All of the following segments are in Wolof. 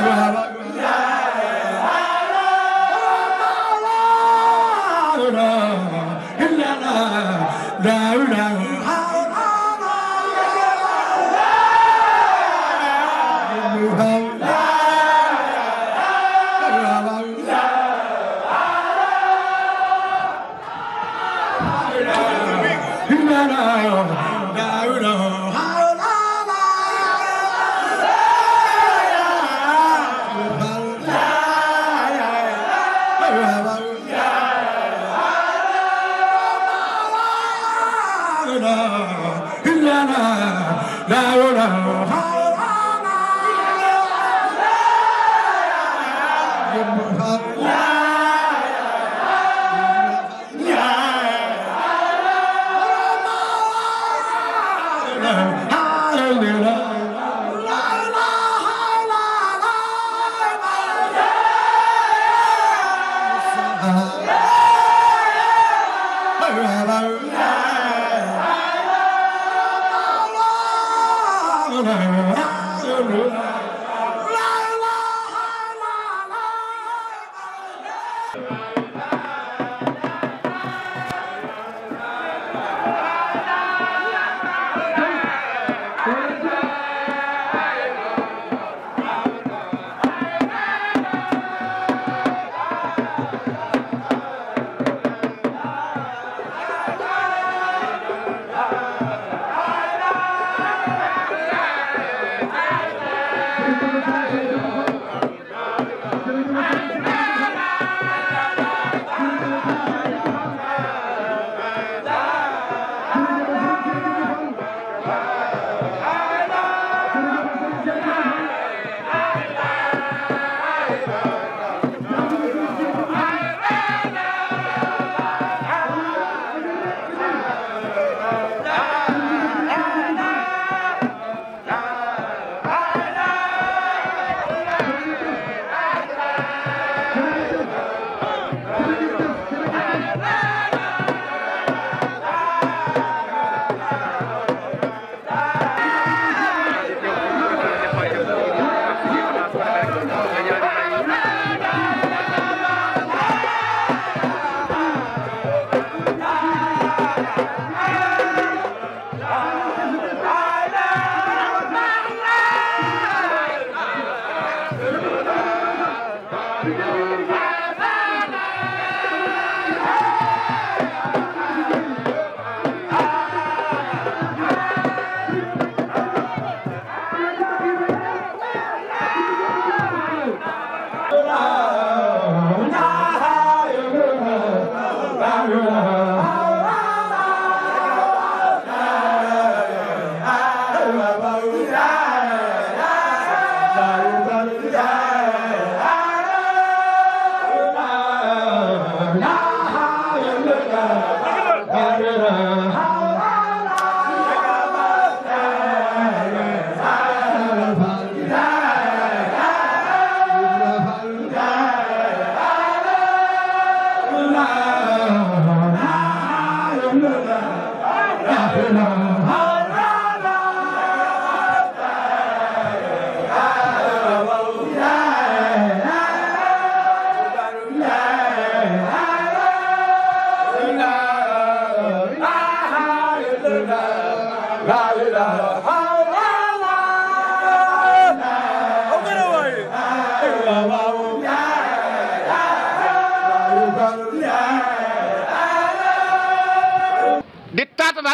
مرحبا hallelujah, hallelujah.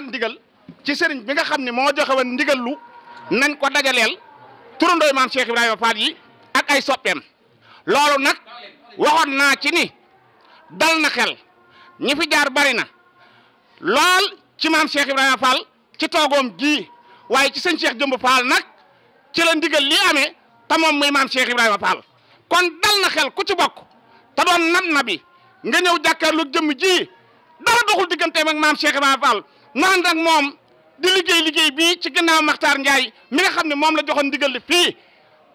joxaat ndigal ci sëriñ bi nga xam ne moo joxe woon ndigal lu nañ ko dajaleel turandooy maam Cheikh Ibrahima Fall yi ak ay soppeem loolu nag waxoon naa ci ni dal na xel ñi fi jaar bari na lool ci maam Cheikh Ibrahima Fall ci toogoom gii waaye ci sëñ Cheikh Jëmb Fall nag ci la ndigal lii amee te moom muy maam Cheikh Ibrahima Fall kon dal na xel ku ci bokk te doon nat na bi nga ñëw jàkkaarloog jëmm ji dara doxul digganteem ak maam Cheikh Ibrahima Fall naan ak moom di liggéey liggéey bi ci gannaaw Maxtaar Njaay mi nga xam ne moom la joxoon ndigal li fii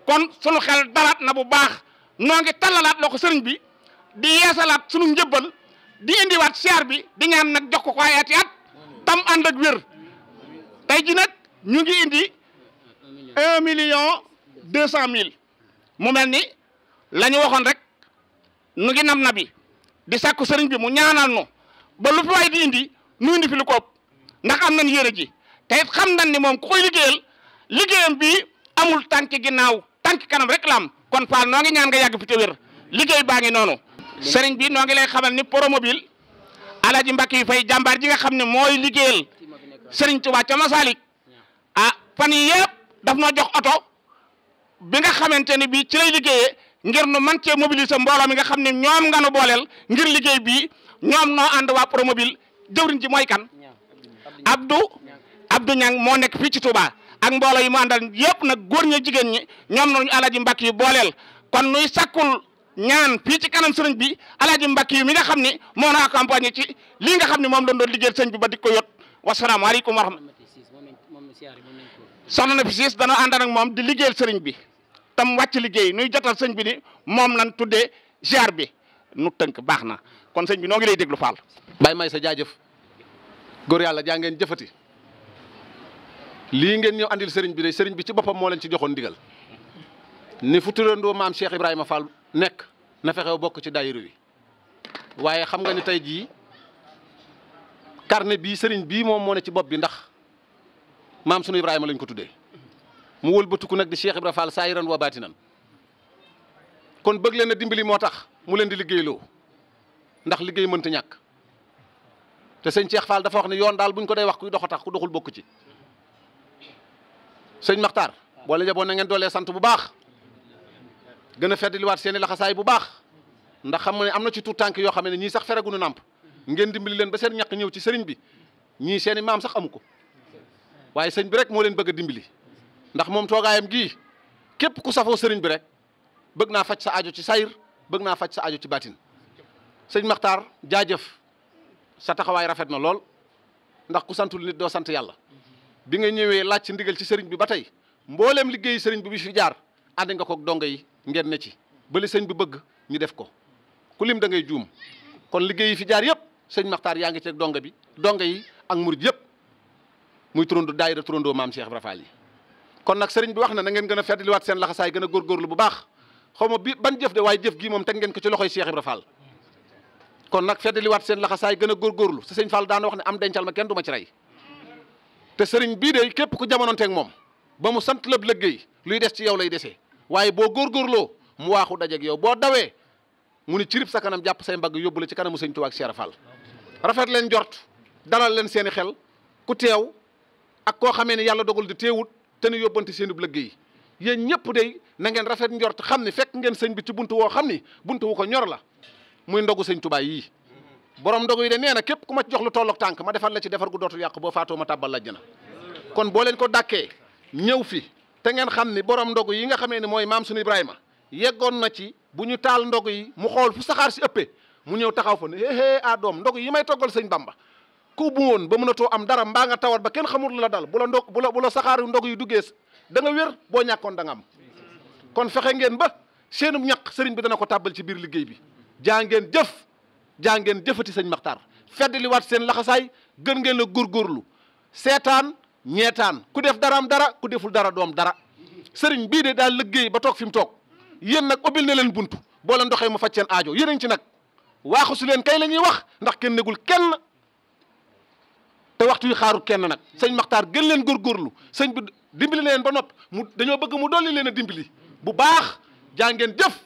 kon sunu xel dalaat na bu baax noo ngi tallalaat loo ko sëriñ bi di yeesalaat sunu njëbbal di indiwaat siyaar bi di ñaan nag jox ko ko ay ati at tam ànd ak tay tey ji nag ñu ngi indi un million deux cent mille mu mel ni la ñu waxoon rek nu ngi nam na bi di sàkku sëriñ bi mu ñaanal nu ba lu fi waay di indi nu indi fi lu ko ndax am nañ yére ji te it xam nañ ni moom ku koy liggéeyal liggéeyam bii amul tànk ginnaaw tank kanam rek la kon Fall noo ngi ñaan nga yàgg fi te wér liggéey baa noonu. seriñ bii noo ngi lay xamal ni promobile Alaaji Mbàkke yi fay jàmbaar ji nga xam ne mooy liggéeyal sëriñ Tuubaa ca Masalik ah fan yii daf noo jox oto bi nga xamante ne bii ci lay liggéeyee ngir nu man cee mobiliser mbooloo mi nga xam ne ñoom nga nu booleel ngir liggéey bii ñoom noo ànd waa promobile jëwriñ mooy kan. Abdou Abdou Niang moo nekk fii ci Touba ak mbooloo yi mu àndal yëpp nag góor ñi jigéen ñi ñoom nañu alaaji Mbàkke yu booleel kon nuy sàkkul ñaan fii ci kanam sëriñ bi alaaji Mbàkke yu mi nga xam ne moo na accompagné ci lii nga xam ne moom lañ doon liggéeyal sëriñ bi ba di ko yot wasalaamaaleykum wa rahmatulah soxna na fi siis danoo àndaan ak moom di liggéeyal sëriñ bi tam wàcc liggéey nuy jotal sëñ bi ni moom lan tuddee ziar bi nu tënk baax na kon sëñ bi noo ngi lay déglu Fall. Baye may sa jaajëf góor yàlla jaa ngeen jëfati lii ngeen ñëw andil sëriñ bi de sëriñ bi ci boppam moo leen ci joxoon ndigal ni fu turandoo maam Cheikh Ibrahima Fall nekk na fexew bokk ci daayira wi waaye xam nga ni tey jii carnet bii sëriñ bii moom moo ne ci bopp bi ndax maam sunu Ibrahima lañ ko tuddee mu wëlbatiku nag di Cheikh Ibrahima Fall saa yiran wa baatinan kon bëgg leen a dimbali moo tax mu leen di liggéeyloo ndax liggéey mënta ñàkk. te sëñ Cheikh Fall dafa wax ne yoon daal buñ ko day wax kuy dox tax ku doxul bokk ci sëñ Maxtaar boole jaboon na ngeen doole sant bu baax gën a feddliwaat seen i laxasaay bu baax ndax xam nga ne am na ci tout tànk yoo xam ne ñii sax feregunu nàmp ngeen dimbali leen ba seen ñàkk ñëw ci sëriñ bi ñii seen maam sax amu ko waaye sëñ bi rek moo leen bëgg a dimbali ndax moom toogaayam gii képp ku safoo sëriñ bi rek bëgg naa faj sa ajo ci sayir bëgg naa faj sa aajo ci baatin sëñ Maxtaar jaajëf sa taxawaay rafet na lool ndax ku santul nit doo sant yàlla bi nga ñëwee laaj ci ndigal ci sëriñ bi ba tey mbooleem liggéey sëriñ bi bi fi jaar ànd nga ko dongo yi ngeen ne ci bali sëñ bi bëgg ñu def ko ku lim dangay juum kon liggéey yi fi jaar yëpp sëñ Maxtaar yaa ngi ceeg dongo bi dongo yi ak murid yëpp muy turandoo daayira turandoo maam Cheikh Ibra yi kon nag sëriñ bi wax na na ngeen gën a feddliwaat seen laxasaay gën a góorgóorlu bu baax xaw ma bi ban jëf de jëf gii moom teg ngeen ko ci loxoy Cheikh Ibra kon nag feddaliwaat seen laxasaay gën a góorgóorlu sa sëñ Fall daana wax ne am dencal ma kenn du ci rey te sëriñ bii de képp ku jamononteeg moom ba mu sant lëb liggéey luy des ci yow lay desee waaye boo góor góorloo mu waaxu dajeeg yow boo dawee mu ni cirib sa kanam jàpp say mbagg yóbbu la ci kanamu sëñ Tuubaa ak Cheikh Fall rafet leen jort dalal leen seeni xel ku teew ak koo xamee ne yàlla dogul di teewut te nu yóbbante seenub liggéey yéen ñëpp de na ngeen rafet njort xam ne fekk ngeen sëñ bi ci buntu woo xam ni buntu wu ko ñor la muy ndogu sëñ Tuubaa yii borom ndogu yi de nee na képp ku ma jox lu tollook tànk ma defal la ci defar gu dootu yàqu boo faatoo ma tàbbal lajjana kon boo leen ko dàkkee ñëw fi te ngeen xam ni borom ndogu yi nga xamee ne mooy maam sunu Ibrahima yeggoon na ci bu ñu taal ndogu yi mu xool fu saxaar si ëppee mu ñëw taxaw fa ne éé ah doom ndogu yi may toggal sëñ Bamba ku bu woon ba mënatoo am dara mbaa nga tawat ba kenn xamul lu la dal bu la ndog bu la bu la saxaaru ndog yu duggee da wér boo ñàkkoon da am kon fexe ngeen ba seenum ñàq sëriñ bi dana ko tàbbal ci biir liggéey bi jaa jëf jaa jëfati sëñ Maxtaar fedd waat seen laxasaay gën ngeen la góorgóorlu seetaan ñeetaan ku def dara am dara ku deful dara doom dara sëriñ bii de daal liggéey ba toog fi mu toog yéen nag ubbil na leen buntu boo leen doxee mu faj seen aajo yéen ci nag waaxu su leen kay la wax ndax kenn negul kenn te waxtu wi xaarul kenn nag sëñ Maxtaar gën leen góorgóorlu sëñ bi dimbali leen ba nopp mu dañoo bëgg mu dolli leen a dimbali bu baax jaa jëf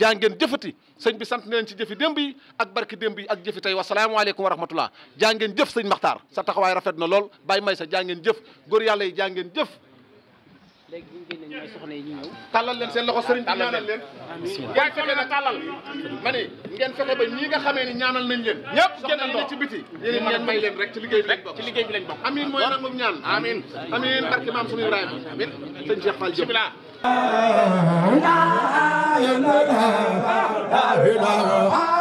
jaa ngeen jëfati sëñ bi sant na ci jëfi démb ak barki démb yi ak jëfi tey wasalaamaaleykum wa rahmatullah jaa ngeen jëf sëñ maxtaar sa taxawaay rafet na lool bàyyi may sa jaa ngeen jëf góor yàlla yi jaa ngeen jëf léegi bu ñu génnee ñooy soxna yi ñu ñëw. tàllal leen seen loxo sëriñ bi leen. na tàllal ma ne ngeen fexe ba ñii nga xamee ni ñaanal nañ leen. ñëpp génn na ci biti. yéen ngeen leen rek ci liggéey bi lañ bokk ci liggéey bi lañ bokk. amiin mooy nangum ñaan. amiin amiin barke maam sunu Ibrahima amiin sëñ Cheikh Fall Diop. ilaha illallah la ilaha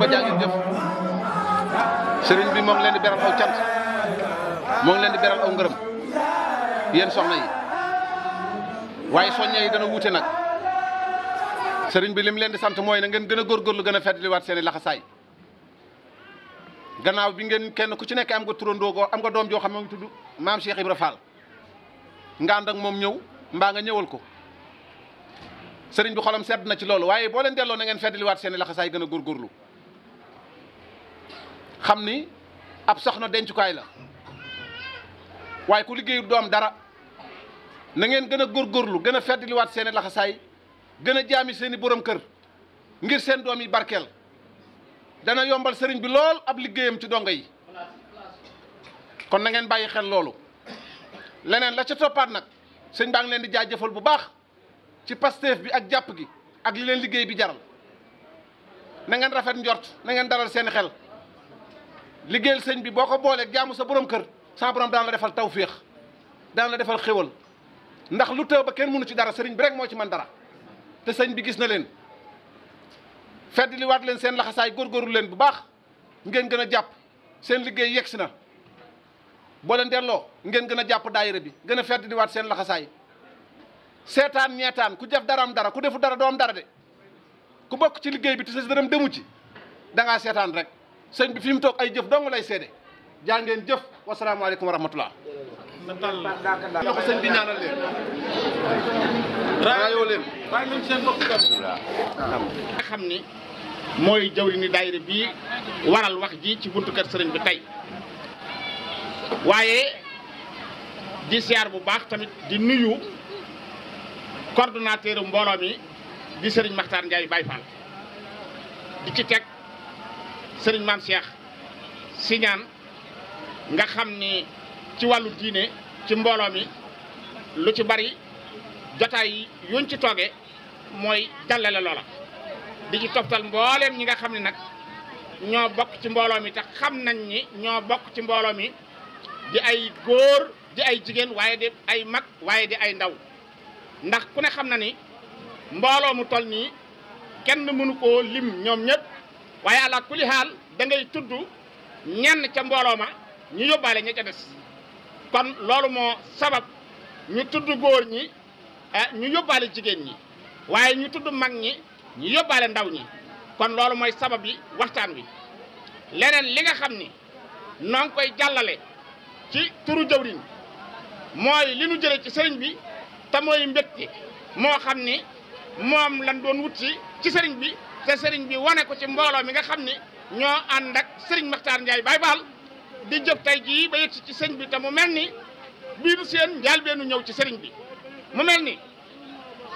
ba jaa ngeen jëf sëriñ bi moom leen di beral aw cant moom leen di beral aw ngërëm yéen soxna yi waaye soññe yi dana wuute nag sëriñ bi lim leen di sant mooy na ngeen gën a góorgóorlu gën a fàttaliwaat seen i laxasaay gannaaw bi ngeen kenn ku ci nekk am nga turandoo am nga doom joo xam ne mu tudd maam Cheikh Ibra Fall ak moom ñëw mbaa nga ñëwal ko sëriñ bi xolam sedd na ci loolu waaye boo leen delloo na ngeen fàttaliwaat seen i xam ni ab soxna dencukaay la waaye ku liggéeyul doom dara na ngeen gën a góorgóorlu gën a feddliwaat seeni laxasaay gën a jaami seeni borom kër ngir seen doom yi barkeel dana yombal sëriñ bi lool ab liggéeyam ci dongo yi kon na ngeen bàyyi xel loolu leneen la ca toppaat nag sëñ baa ngi leen di jaajëfal bu baax ci Pastef bi ak jàpp gi ak li leen liggéey bi jaral na ngeen rafet njort na ngeen dalal seen xel liggéeyal sëñ bi boo ko boolee jaamu sa borom kër sa borom daan la defal tawféex daan la defal xéwal ndax lu tëb ba kenn mënu ci dara sëriñ bi rek moo ci man dara te sëñ bi gis na leen fedd li waat leen seen laxasaay góorgóorlu leen bu baax ngeen gën a jàpp seen liggéey yegsi na boo leen delloo ngeen gën a jàpp daayira bi gën a fedd li waat seen laxasaay seetaan ñeetaan ku def dara am dara ku defu dara doo dara de ku bokk ci liggéey bi te sa demu ci da seetaan rek sëñ bi fi mu toog ay jëf dong lay seede jaa ngeen jëf wasalaamaaleykum wa rahmatulah. na xam ni mooy jawri ni daayira bii waral wax ji ci buntu kër sëriñ bi tey waaye di siyaar bu baax tamit di nuyu coordonnateur mbooloo mi di sëriñ Maxtaar Ndiaye Baye Fall di ci teg. sëriñ maam Cheikh Siñaan nga xam ni ci wàllu diine ci mbooloo mi lu ci bari jotaay yuñ ci tooge mooy jàllale loola di ci toftal mbooleem ñi nga xam ni nag ñoo bokk ci mbooloo mi te xam nañ ni ñoo bokk ci mbooloo mi di ay góor di ay jigéen waaye di ay mag waaye di ay ndaw ndax ku ne xam na ni mbooloo mu toll nii kenn mënu koo lim ñoom ñëpp waaye àla kulli xaal tudd ñenn ca mbooloo ma ñu yóbbaale ña ca des kon loolu moo sabab ñu tudd góor ñi eh, ñu yóbbaale jigéen ñi waaye ñu tudd mag ñi ñu yóbbaale ndaw ñi kon loolu mooy sabab yi waxtaan wi leneen li nga xam ni noo ngi koy jàllale ci turu jëwriñ mooy li nu jële ci sëriñ bi te mooy mbégte moo xam ni moom lan doon wuti ci sëriñ bi te sëriñ bi wane ko ci mbooloo mi nga xam ni ñoo ànd ak sëriñ Maxtaar Ndiaye Baye Fall di jëf tey jii ba yegsi ci sëñ bi te mu mel ni bii nu seen njaal beenu ñëw ci sëriñ bi mu mel ni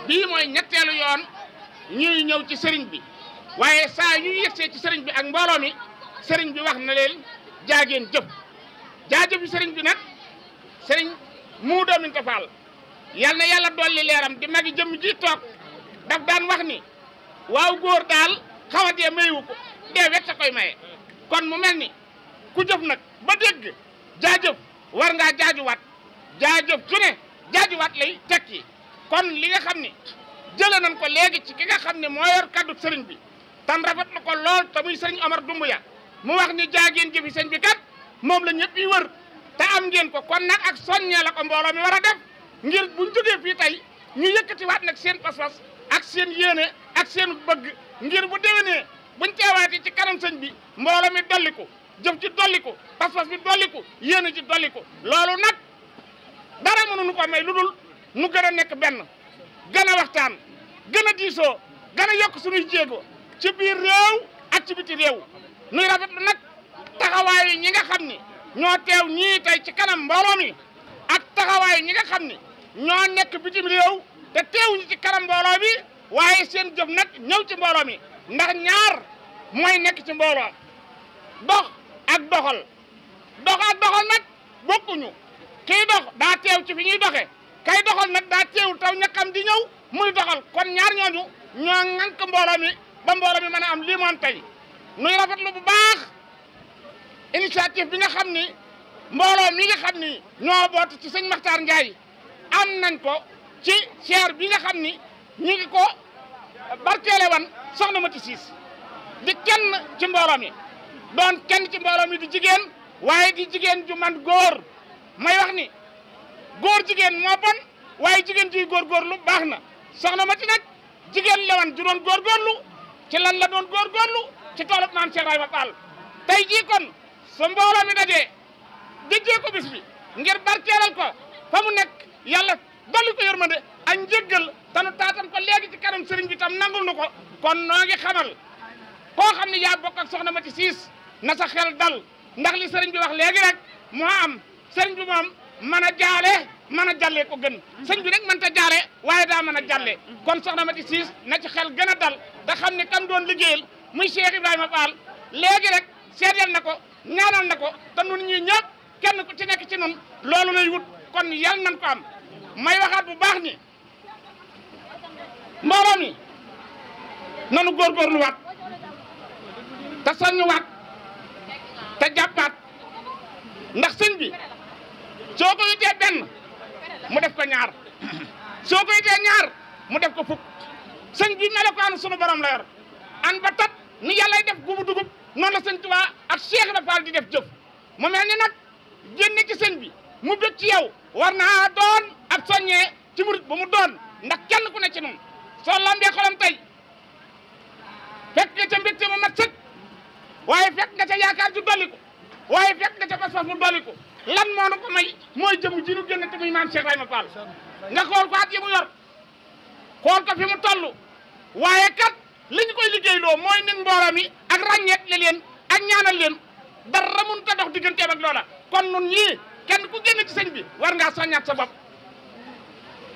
bii mooy ñetteelu yoon ñuy ñëw ci sëriñ bi waaye saa yu yegsee ci sëriñ bi ak mbooloo mi sëriñ bi wax na leen jaageen jëf jaajëf yi sëriñ bi nag sëriñ mu doomin ko faal yal na yàlla dolli leeram di magi jëmm ji toog daf daan wax ni waaw góor daal xaw a dee ko dee wet sa koy maye kon mu mel ni ku jëf nag ba dégg jaajëf war ngaa jaajuwaat jaajëf su ne jaajuwaat lay tekki kon li nga xam ni jëlee nañ ko léegi ci ki nga xam ne moo yor kaddu sëriñ bi tan rafet lu ko lool te muy sëriñ Omar Dumbuya mu wax ni jaageen jëfi sëñ bi kat moom la ñëpp yi wër te am ngeen ko kon nag ak soññee la ko mbooloo mi war a def ngir buñ jógee fii tey ñu yëkkatiwaat nag seen pas-pas ak seen yéene ak seen bëgg ngir bu déwénee buñ teewaatee ci kanam sëñ bi mbooloo mi dolli ko jëf ci dolli ko pas-pas bi dolli ko yéene ci dolli ko loolu nag dara mënuñu ko may lu dul nu gën a nekk benn gën a waxtaan gën a diisoo gën a yokk suñuy jéego ci biir réew ak ci biti réew nuy rafetlu nag taxawaayu ñi nga xam ni ñoo teew ñii tey ci kanam mbooloo mi ak taxawaayu ñi nga xam ni ñoo nekk bitim réew te teewuñu ci kanam mbooloo bi waaye seen jëf nag ñëw ci mbooloo mi ndax ñaar mooy nekk ci mbooloo dox ak doxal dox ak doxal nag bokkuñu kii dox daa teew ci fi ñuy doxe kay doxal nag daa teewul taw ñakkam di ñëw muy doxal kon ñaar ñooñu ñoo ŋànk mbooloo mi ba mbooloo mi mën a am lii moom tey nuy rafetlu bu baax initiative bi nga xam ni mbooloo yi nga xam ni ñoo boot ci sëñ Maxtaar Njaay am nañ ko ci cher bi nga xam ni ñi ngi ko barkeele wan soxna Mati Siis di kenn ci mbooloo mi doon kenn ci mbooloo mi di jigéen waaye di jigéen ju man góor may wax ni góor jigéen moo bon waaye jigéen juy góorgóorlu baax na soxna Mati nag jigéen la wan ju doon ci lan la doon góorgóorlu ci toolub maam Cheikh Ibrahima Fall tey jii kon su mbooloo mi dajee dëjjee ko bis bi ngir barkeelal ko fa mu nekk yàlla dolli ko yërmande ak njëggal tanu taatan ko léegi ci kanam sëriñ bi tam nangul nu ko kon noo ngi xamal koo xam ne yaa bokk ak soxna Mati Siis na sa xel dal ndax li sëriñ bi wax léegi rek moo am sëriñ bi moom mën a jaale mën a jàllee ko gën sëñ bi rek mën ta jaale waaye daa mën a jàllee kon soxna Mati Siis na ci xel gën a dal da xam ne kam doon liggéeyal muy Cheikh Ibrahima Fall léegi rek seedeel na ko ñaanal na ko te nun ñuy ñëpp kenn ku ci nekk ci nun loolu lay wut kon yal nan ko may waxaat bu baax ni mbooloo mi nanu góorgóorluwaat te soññuwaat te jàppaat ndax sëñ bi soo ko yitee benn mu def ko ñaar soo ko yitee mu def ko fukk sëñ bi melokaanu sunu borom la yor an ba tat ni yàllay def gubu dugub noonu la sëñ Tuubaa ak Cheikh Rafal di def jëf mu mel ni nag génn ci sëñ bi mu bëgg ci yow war naa doon ab soññee ci murit ba mu doon ndax kenn ku ne ci nun soo lambee xolam tey fekk nga ca mbégte mu mat sëkk waaye fekk nga ca yaakaar ju dolliku waaye fekk nga ca pas mu dolliku lan moo nu ko may mooy jëmu ji nu génn te muy maam Cheikh Ibrahima Fall nga xool ko yi mu yor xool ko fi mu toll waaye kat li ñu koy liggéeyloo mooy nit mbooram ak ràññeet li leen ak ñaanal leen dara mun ta dox digganteem ak loola kon nun ñii kenn ku génn ci sëñ bi war ngaa soññaat sa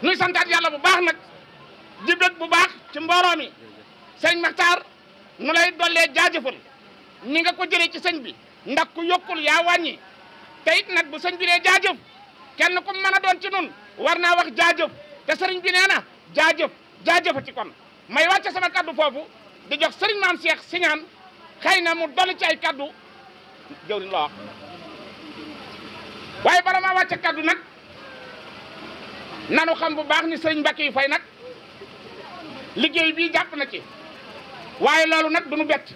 nuy santaat yàlla bu baax nag di bu baax ci mbooloo mi sëñ Maxtaar nu lay dollee jaajëfal ni nga ko jëlee ci sëñ bi ndax ku yokkul yaa wàññi te it nag bu sëñ bi nee jaajëf kenn ku mën doon ci nun war naa wax jaajëf te sëriñ bi nee na jaajëf jaajëfa ci kon may wàcce sama kaddu foofu di jox sëriñ maam Cheikh Siñaan xëy na mu dolli ci ay kaddu jëwriñ la wax waaye bala maa wàcce kaddu nag nanu xam bu baax ni sëriñ Mbacke yu fay nag liggéey bii jàpp na ci waaye loolu nag du nu bett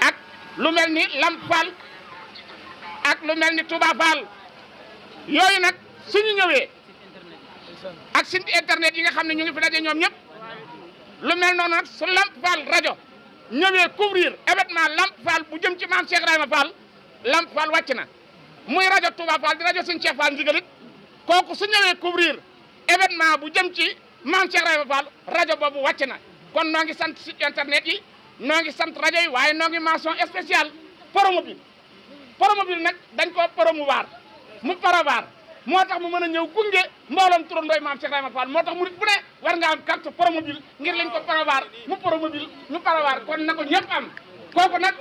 ak lu mel ni Lamp Fall ak lu mel ni Touba Fall yooyu nag suñu ñëwee ak suñ internet yi nga xam ne ñu ngi fi daje ñoom ñëpp lu mel noonu nag su Lamp Fall rajo ñëwee couvrir événement Lamp Fall bu jëm ci maam Cheikh Ibrahima Fall Lamp Fall wàcc na muy rajo Touba Fall di rajo suñ Cheikh Fall ndigalit kooku su ñëwee couvrir événement bu jëm ci maam Cheikh Ibrahima Fall rajo boobu wàcc na kon noo ngi sant site internet yi noo ngi sant rajo yi waaye noo ngi mention spéciale Promobile Promobile nag dañ koo promouvoir mu paravar moo tax mu mën a ñëw gunge mbooloom turandooy maam Cheikh Ibrahima Fall moo tax murit bu ne war nga am carte Promobile ngir lañ ko paravar mu Promobile mu paravar kon na ko ñëpp am kooku nag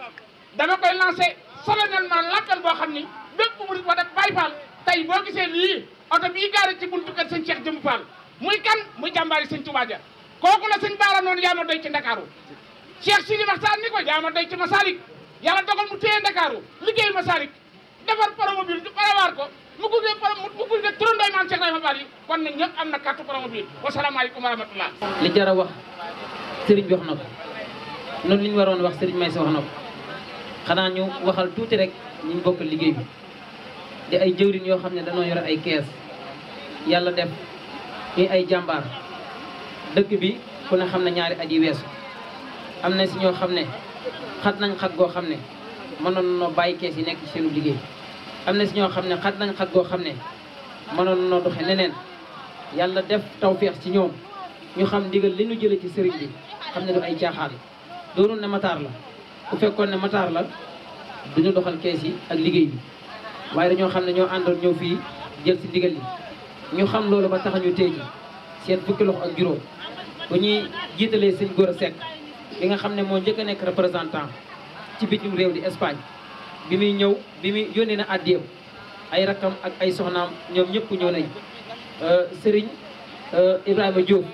dama koy lancé solennellement l'appel boo xam ni bépp murit boo def Baye Fall tey boo gisee lii oto bii gaare ci buntu kër sëñ Cheikh Jëmb Fall muy kan muy jàmbaari sëñ Tuubaa ja kooku la sëñ Baara noonu yaa ma doy ci Ndakaaru Cheikh Sidi Maxtaan ni ko yaa ma doy ci Masalik yàlla dogal mu téye Ndakaaru liggéey Masalik defar promobile du prévoir ko mu gunge turandooy maam Cheikh Rahma Bari kon nag ñëpp am na carte promobile wasalaamaaleykum wa rahmatullah li jar a wax sëriñ wax na ko liñ waroon wax sëriñ Maysa wax na xanaa ñu waxal tuuti rek ñu bokk liggéey bi di ay jëwriñ yoo xam ne dañoo yor ay kees yàlla ñuy ay jàmbaar dëkk bi ku ne xam ne ñaari at weesu am na si ñoo xam ne xat nañ xat goo xam ne mënoon noo bàyyi kees yi nekk ci seenu liggéey am na si ñoo xam ne xat nañ xat goo xam ne mënoon noo doxe neneen yàlla def tawféex ci ñoom ñu xam ndigal li ñu jële ci sëriñ bi xam ne du ay caaxaan doonul ne mataar la bu fekkoon ne mataar la duñu doxal kees yi ak liggéey bi waaye dañoo xam ne ñoo àndoon ñëw fii jël si ndigal li ñu xam loolu ba tax ñu tey ji seen fukki ak juróom bu ñuy jiitalee sëñ Gora Seck bi nga xam ne moo njëkk a nekk représentant ci bitim réew di Espagne bi muy ñëw bi mu yónnee na àddeem ay rakkam ak ay soxnaam ñoom ñëpp ñëw nañ euh, sëriñ euh, Ibrahima Diop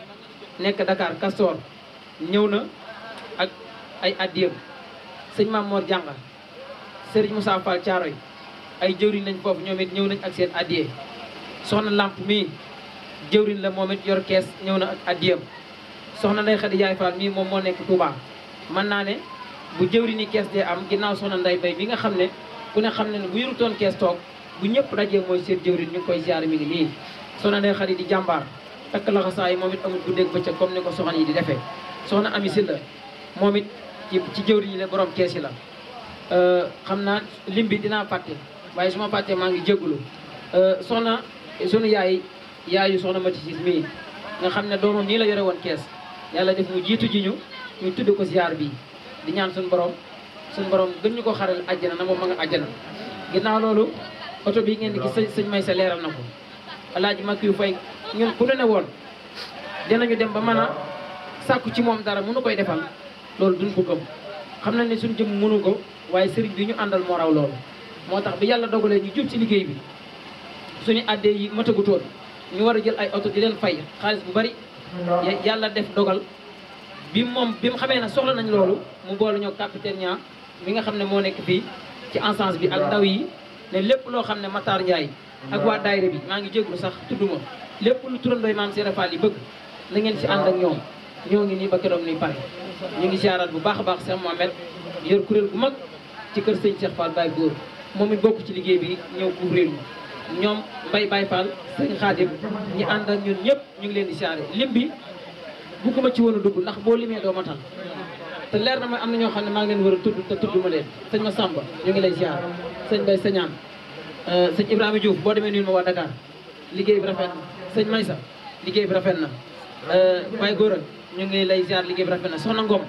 nekk Dakar Castor ñëw na ak ay àddeem sëñ Mamoor Jànga Serigne Moussa Fall yi ay jëwriñ lañ foofu ñoomit ñëw nañ ak seen àddee soxna làmp mii jëwriñ la moom it yor kees ñëw na ak addiyam soxna nday xadi yaay faal mii moom moo nekk Touba mën naa ne bu jëwriñi kees dee am ginnaaw soxna nday bay bi nga xam ne ku ne xam ne ne bu yorutoon kees toog bu ñëpp dajee mooy seen jëwriñ ñu ngi koy ziare mii ngi nii soxna nday xadi di jàmbaar takk laxasaa yi moom bu amul guddeeg bëccëg comme ni ko soxna yi di defee soxna ami si la moom it ci ci jëwriñ yi la kees yi la euh, xam naa lim bi dinaa fàtte waaye su ma maa ngi jégalu euh, sunu yaay yaayu soxna Mati Siis mii nga xam ne doomam nii la yore woon kees yàlla def mu jiitu ji ñu ñu tudd ko ziar bii di ñaan suñu borom suñu borom gën ñu ko xaral àjjana na moom ma nga àjjana ginnaaw loolu oto bi ngeen di gis sëñ may sa leeral na ko alaaji mag yu fay ñun ku ne woon dinañu dem ba mën a sàkku ci moom dara mënu koy defal loolu duñ ko gëm xam na ne suñu jëm mënu ko waaye sëriñ bi ñu àndal moo raw loolu moo tax bi yàlla dogalee ñu jub ci liggéey bi suñu addee yi matagutoon ñu war a jël ay oto di leen fay xaalis bu bari yàlla def dogal bi moom bi mu xamee na soxla nañu loolu mu boole ñoo capitaine ñaa mi nga xam ne moo nekk fii ci encense bi ak ndaw yi ne lépp loo xam ne Matar Ndiaye ak waa daayira bi maa ngi jéglu sax tudduma lépp lu turandooy maam Serigne Fall yi bëgg na ngeen ci ànd ak ñoom ñoo ngi nii ba keroog nuy pare ñu ngi siyaaraat bu baax a baax Cheikh Mohamed yor kuréel gu mag ci kër sëñ Cheikh Fall Baye moom it bokk ci liggéey bi ñëw pour réew mi ñoom Mbaye Baye Fall sëñ Xaadim ñi ànd ak ñun ñëpp ñu ngi leen di siyaare lim bi bugguma ci woon a dugg ndax boo limee doo ma te leer na ma am na ñoo xam ne maa ngi leen war a tudd te tudd ma leen sëñ ma Samba ñu ngi lay siyaare sëñ Bay Sañaan euh, sëñ Ibrahima Diouf boo demee nuyu ma waa Dakar liggéey bi rafet na sëñ Maysa liggéey bi rafet na waaye euh, Góora ñu ngi lay siyaare liggéey bi rafet na Soxna Ngom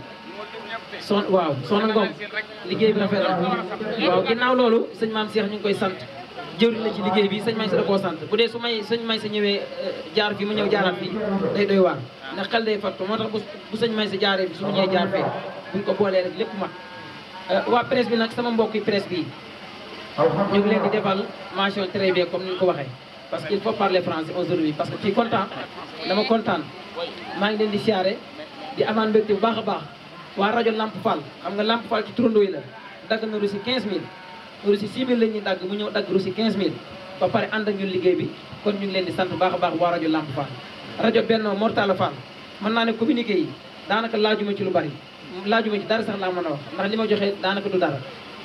son waaw Soxna Ngom liggéey bi rafet na waaw ginnaaw loolu sëñ Maam Cheikh ñu ngi koy sant jëwriñ la ci liggéey bi sëñ may sa da koo sant bu dee su may sëñ may sa ñëwee euh, jaar fii mu ñëw jaaraat fii day doy waan ndax xel day fattu moo tax bu sëñ may si jaaree bi su mu ñëwee jaar fee buñ ko boolee rek lépp mat euh, waa presse bi nag sama mbokki presse bi ñu ngi leen di defal mention très bien comme ni ko waxee parce qu'il faut parler français aujourd'hui parce que kii kontaan dama kontaan maa ngi leen di siyaare di amaan mbégte bu baax a baax waa rajo Lamp Fall xam nga Lamp Fall ci turandoo yi la dagg na lu si 15000 russi 6 000 la ñuy dagg mu ñëw dagg russi 15 000 ba pare ànd ak ñun liggéey bi kon ñu ngi leen di sant baax baax waa rajo Lamp Fall rajo Benno Mortala Fall mën naa ne communiqué yi daanaka laajuma ci lu bari laajuma ci dara sax laa mën a wax ndax li ma joxee daanaka du dara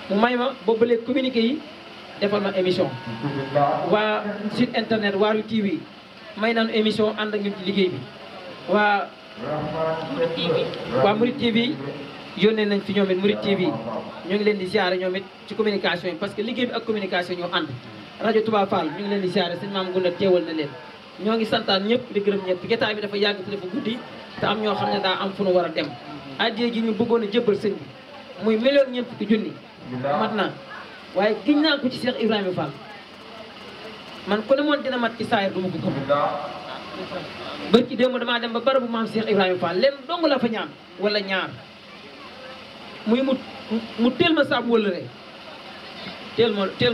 mu may ma boobu léegi communiqué yi defal ma émission waa site internet waaru TV may nañu émission ànd ak ñun ci liggéey bi waa Murid TV waa Murid TV yónnee nañ fi ñoom it Mouride TV ñu ngi leen di ziare ñoom it ci communication yi parce que liggéey bi ak communication ñoo ànd rajo Touba Fall ñu ngi leen di ziare sëñ maam Gunda teewal na leen ñoo ngi santaan ñëpp di gërëm ñëpp jotaay bi dafa yàgg te dafa guddi te am ñoo xam ne daa am fu nu war a dem addiya gi ñu bëggoon a jébbal sëñ bi muy million ñeent fukki junni mat na waaye giñ naa ko ci Cheikh Ibrahima Fall man ku ne moon dina mat ci saayir du ma ko gëm bërki démb damaa dem ba barabu maam Cheikh Ibrahima Fall leen dong la fa ñaan wala ñaar muy mu mu teel ma saabu wala rek teel ma teel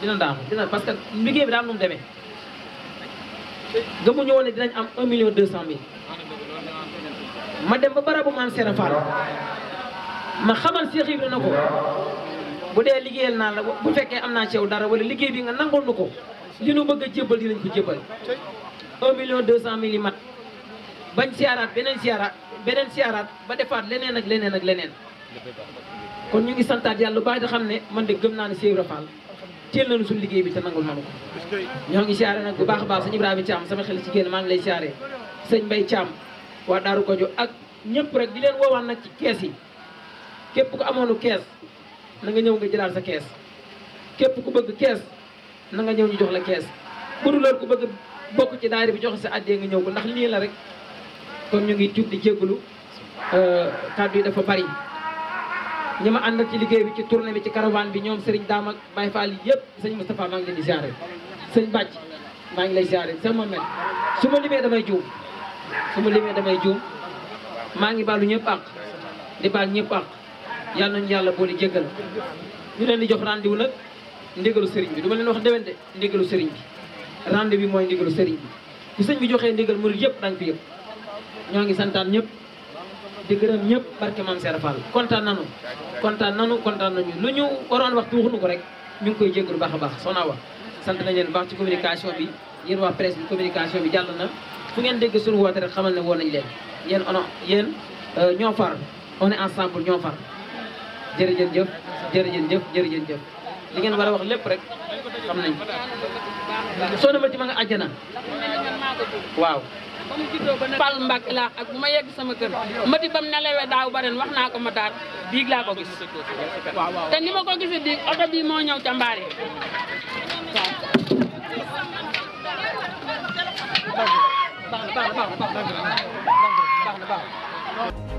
dina daanu dina parce que liggéey bi daal nu mu demee gëmuñu woon ne dinañ am 1 million 200 mille. ma dem ba barabu maam Serap Fall ma xamal Cheikh Ibrahima na ko bu dee liggéeyal naa la bu fekkee am naa ci yow dara wala liggéey bi nga nangoon na ko li nu bëgg a jébbal dinañ ko jébbal 1 million 200 mille yi mat bañ siyaaraat beneen siyaaraat beneen siyaaraat ba defaat leneen ak leneen ak leneen. kon ñu ngi santaat yàlla lu baax da xam ne man de gëm naa ne Cheikh Ibra Fall teel nañu suñu liggéey bi te nangu nañu ko ñoo ngi siyaare nag bu baax a baax sëñ Ibrahima Thiam sama xel ci génn maa ngi lay siyaare sëñ Mbaye Thiam waa Daaru Kojo ak ñëpp rek di leen woowaan nag ci kees yi képp ku amoonu kees na nga ñëw nga jëlaat sa kees képp ku bëgg kees na nga ñëw ñu jox la kees bu dul loolu ku bëgg bokk ci daayira bi joxe sa addee nga ñëw ko ndax lii la rek kon ñu ngi tuub di jégalu euh, kàddu yi dafa bari ñi ma àndal ci liggéey bi ci tournée bi ci caravane bi ñoom Serigne Dame ak Baye Fall yëpp sëñ Moustapha maa ngi leen di sëñ Bàcc maa ngi lay ziare sëñ Mohamed su ma limee damay juum su ma limee damay juum maa ngi baalu ñëpp àq di baal ñëpp àq yal nañu yàlla boole jéggal ñu leen di jox rendez nag ndigalu sëriñ bi du leen wax déwén de ndigalu bi rendez bi mooy ndigalu sëriñ bi bu sëñ bi joxee ndigal murid yëpp dañ fi yëpp ñoo ngi santaan ñëpp di gërëm ñëpp barke maam Serap Fall kontaan nañu kontaan nanu kontaan nañu lu ñu waroon wax waxuñu ko rek ñu ngi koy jégalu baax a baax soxna wa sant nañ leen baax ci communication bi yéen waa presse bi communication bi jàll na fu ngeen dégg suñu woote rek xamal ne woo nañ leen yéen ono yéen euh, ñoo far on est ensemble ñoo far jërëjën jëf jërëjën jëf jërëjën jëf li ngeen war a wax lépp rek xam nañ soo na ma ma nga àjjana waaw pal mbag laa ak bu ma yegg sama kër mati bam nelawee daaw ba ren wax naa ko mataar biig laa ko gis te ni ma ko gisee biig oto bii moo ñëw ca